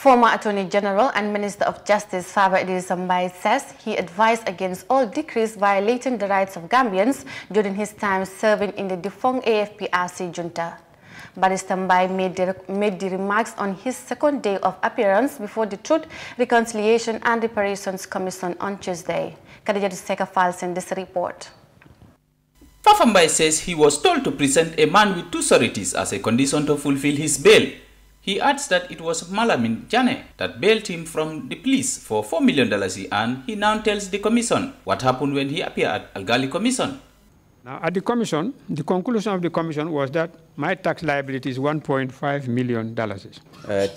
Former Attorney General and Minister of Justice Faber Idrisambai says he advised against all decrees violating the rights of Gambians during his time serving in the defunct AFPRC junta. Barrister Mbai made the, made the remarks on his second day of appearance before the Truth, Reconciliation and Reparations Commission on Tuesday. Khadija Duseka files in this report. Fafambai says he was told to present a man with two sorities as a condition to fulfill his bail. He adds that it was Malamin Jane that bailed him from the police for $4 million he earned. He now tells the commission what happened when he appeared at Algali Commission. Now, at the commission, the conclusion of the commission was that my tax liability is 1.5 million dollars.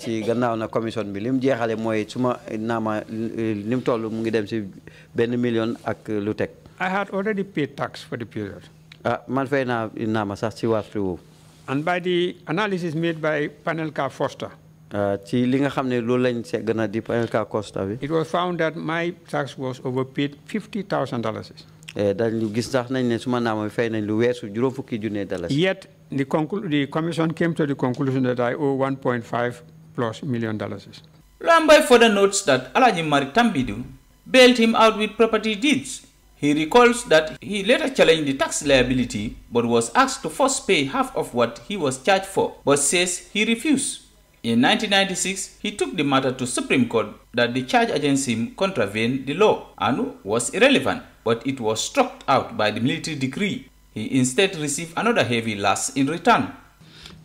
ci eh, na commission eh, eh, si million ak I had already paid tax for the period. ah and by the analysis made by Panelka Foster. Uh, Panelka Costa it was found that my tax was overpaid fifty thousand dollars. Eh, gis yet the the commission came to the conclusion that I owe one point five plus million dollars. Rambai further notes that Alajim Maritambidu bailed him out with property deeds he recalls that he later challenged the tax liability but was asked to first pay half of what he was charged for but says he refused. In 1996, he took the matter to Supreme Court that the charge against him contravened the law and was irrelevant, but it was struck out by the military decree. He instead received another heavy loss in return.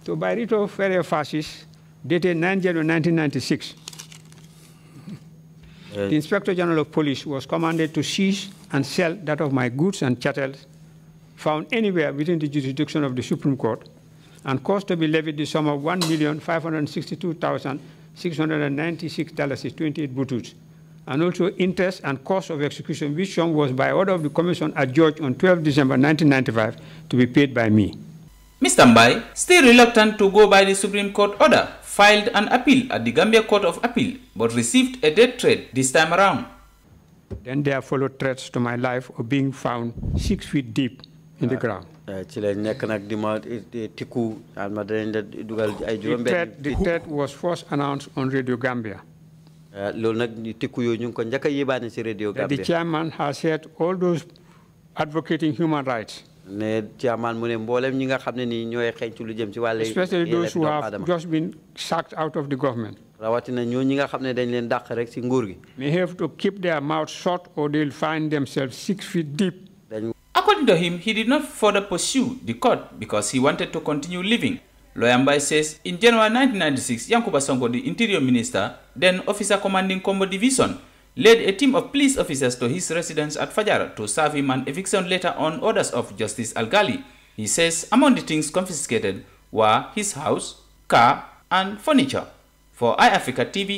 So by writ of various fascists, dated 9 January 1996, uh, the Inspector General of Police was commanded to seize and sell that of my goods and chattels found anywhere within the jurisdiction of the Supreme Court and caused to be levied the sum of $1,562,696, 28 butus, and also interest and cost of execution, which sum was by order of the Commission adjudged on 12 December 1995 to be paid by me. Mr. Mbai, still reluctant to go by the Supreme Court order, filed an appeal at the Gambia Court of Appeal but received a death threat this time around. Then there followed threats to my life of being found six feet deep in the ah, ground. Ah, eh, eh, the threat, the threat was first announced on Radio Gambia. Ah, the chairman has said all those advocating human rights mais chairman mu ne mboolem ñi nga xam ne nii ñooy xeeñtu lu jëm ci wàllu. especially sacked out of the government. rawatina ñoo ñi nga xam ne dañ leen dàq rek ci nguur gi. they have to keep their mouth shut or they'll find themselves six feet deep. According to him, he did not further pursue the court because he wanted to continue living. Lawyer Mbai says in January 1996, Yankuba Sonko, the interior minister, then officer commanding Combo led a team of police officers to his residence at Fajara to serve him an eviction letter on orders of Justice Algali. He says among the things confiscated were his house, car, and furniture. For iAfrica TV,